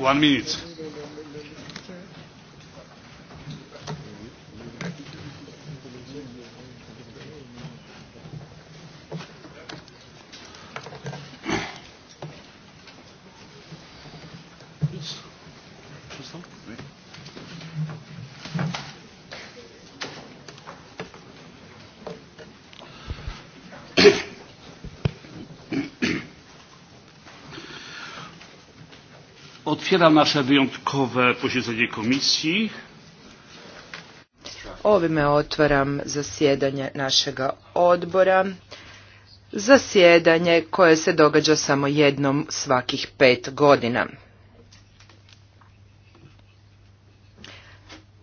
One minute. Otwieram nasze wyjątkowe posiedzenie komisji. Ovime otvaram zasjedanje našega odbora. Zasjedanje koje se događa samo jednom svakih pet godina.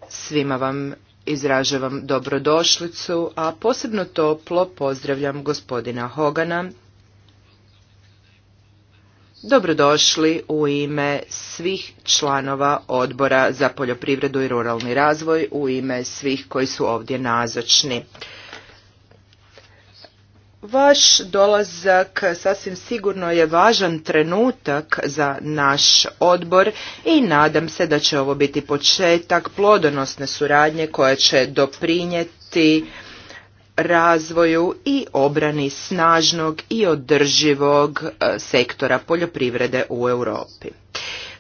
Svima vam izražavam dobrodošlicu, a posebno toplo pozdravljam gospodina Hogana, Dobrodošli u ime svih članova odbora za poljoprivredu i ruralni razvoj, u ime svih koji su ovdje nazočni. Vaš dolazak sasvim sigurno je važan trenutak za naš odbor i nadam se da će ovo biti početak plodonosne suradnje koja će doprinijeti razvoju i obrani snažnog i održivog e, sektora poljoprivrede u Europi.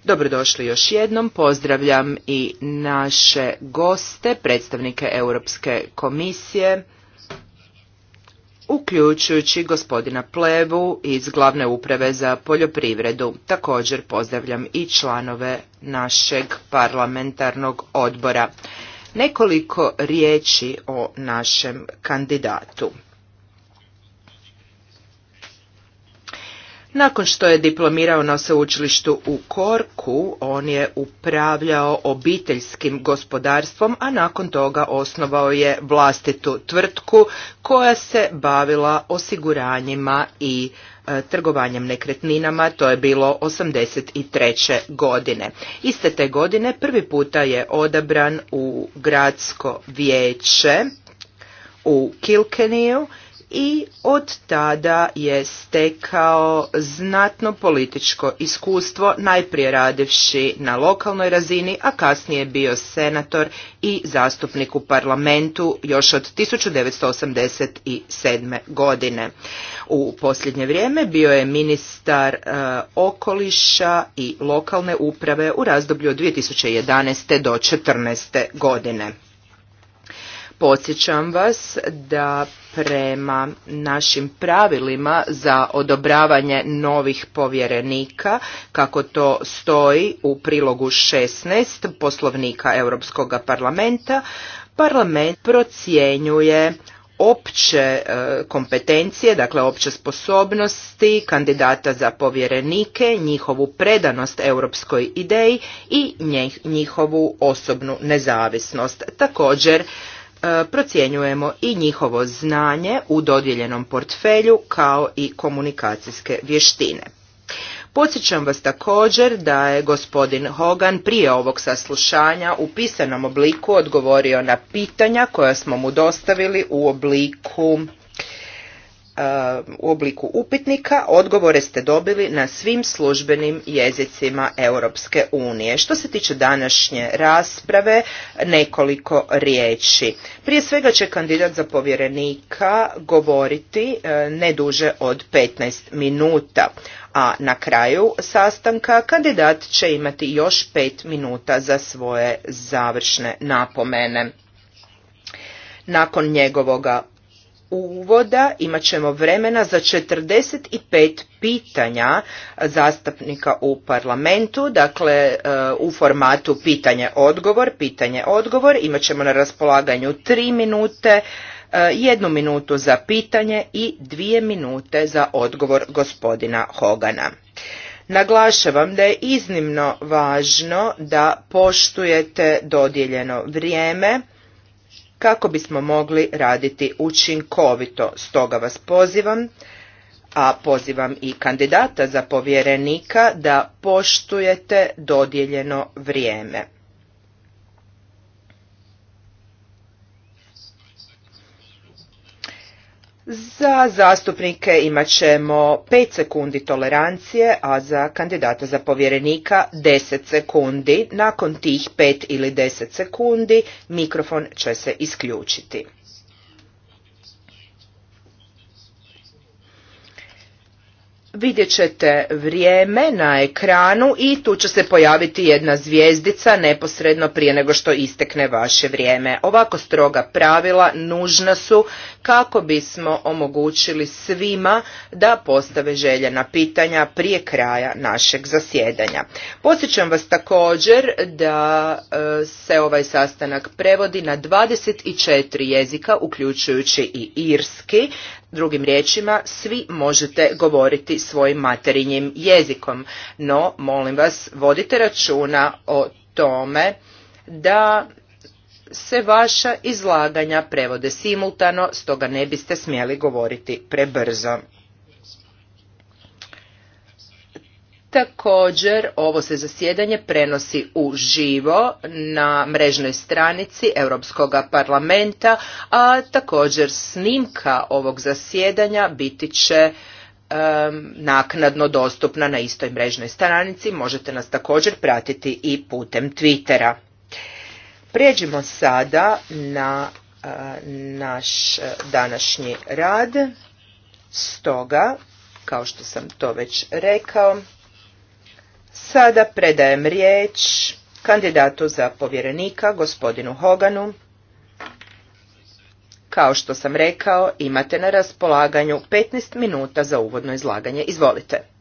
Dobrodošli još jednom, pozdravljam i naše goste, predstavnike Europske komisije, uključujući gospodina Plevu iz Glavne uprave za poljoprivredu. Također pozdravljam i članove našeg parlamentarnog odbora. Nekoliko riječi o našem kandidatu. Nakon što je diplomirao na sveučilištu u Korku, on je upravljao obiteljskim gospodarstvom, a nakon toga osnovao je vlastitu tvrtku koja se bavila osiguranjima i e, trgovanjem nekretninama, to je bilo 83. godine. Iste te godine prvi puta je odabran u gradsko vijeće u Kilkeniju i od tada je stekao znatno političko iskustvo, najprije radivši na lokalnoj razini, a kasnije bio senator i zastupnik u parlamentu još od 1987. godine. U posljednje vrijeme bio je ministar e, okoliša i lokalne uprave u razdoblju od 2011. do 2014. godine. Podsjećam vas da prema našim pravilima za odobravanje novih povjerenika, kako to stoji u prilogu 16 poslovnika Europskog parlamenta, parlament procjenjuje opće e, kompetencije, dakle opće sposobnosti kandidata za povjerenike, njihovu predanost europskoj ideji i njihovu osobnu nezavisnost. Također E, procjenjujemo i njihovo znanje u dodijeljenom portfelju kao i komunikacijske vještine. Podsjećam vas također da je gospodin Hogan prije ovog saslušanja u pisanom obliku odgovorio na pitanja koja smo mu dostavili u obliku E, u obliku upitnika odgovore ste dobili na svim službenim jezicima Europske unije. Što se tiče današnje rasprave, nekoliko riječi. Prije svega će kandidat za povjerenika govoriti e, ne duže od 15 minuta, a na kraju sastanka kandidat će imati još 5 minuta za svoje završne napomene. Nakon njegovoga uvoda imat ćemo vremena za 45 pitanja zastupnika u parlamentu, dakle e, u formatu pitanje-odgovor, pitanje-odgovor, imat ćemo na raspolaganju 3 minute, e, jednu minutu za pitanje i dvije minute za odgovor gospodina Hogana. Naglašavam da je iznimno važno da poštujete dodijeljeno vrijeme, kako bismo mogli raditi učinkovito. Stoga vas pozivam, a pozivam i kandidata za povjerenika da poštujete dodijeljeno vrijeme. Za zastupnike imat ćemo 5 sekundi tolerancije, a za kandidata za povjerenika 10 sekundi. Nakon tih 5 ili 10 sekundi mikrofon će se isključiti. Vidjet ćete vrijeme na ekranu i tu će se pojaviti jedna zvijezdica neposredno prije nego što istekne vaše vrijeme. Ovako stroga pravila nužna su kako bismo omogućili svima da postave željena pitanja prije kraja našeg zasjedanja. Posjećam vas također da e, se ovaj sastanak prevodi na 24 jezika uključujući i irski, Drugim riječima, svi možete govoriti svojim materinjim jezikom, no molim vas vodite računa o tome da se vaša izlaganja prevode simultano, stoga ne biste smjeli govoriti prebrzo. Također, ovo se zasjedanje prenosi u živo na mrežnoj stranici Europskog parlamenta, a također snimka ovog zasjedanja biti će naknadno dostupna na istoj mrežnoj stranici. Možete nas također pratiti i putem Twittera. Prijeđimo sada na e, naš današnji rad. Stoga, kao što sam to već rekao, Sada predajem riječ kandidatu za povjerenika, gospodinu Hoganu. Kao što sam rekao, imate na raspolaganju 15 minuta za uvodno izlaganje. Izvolite.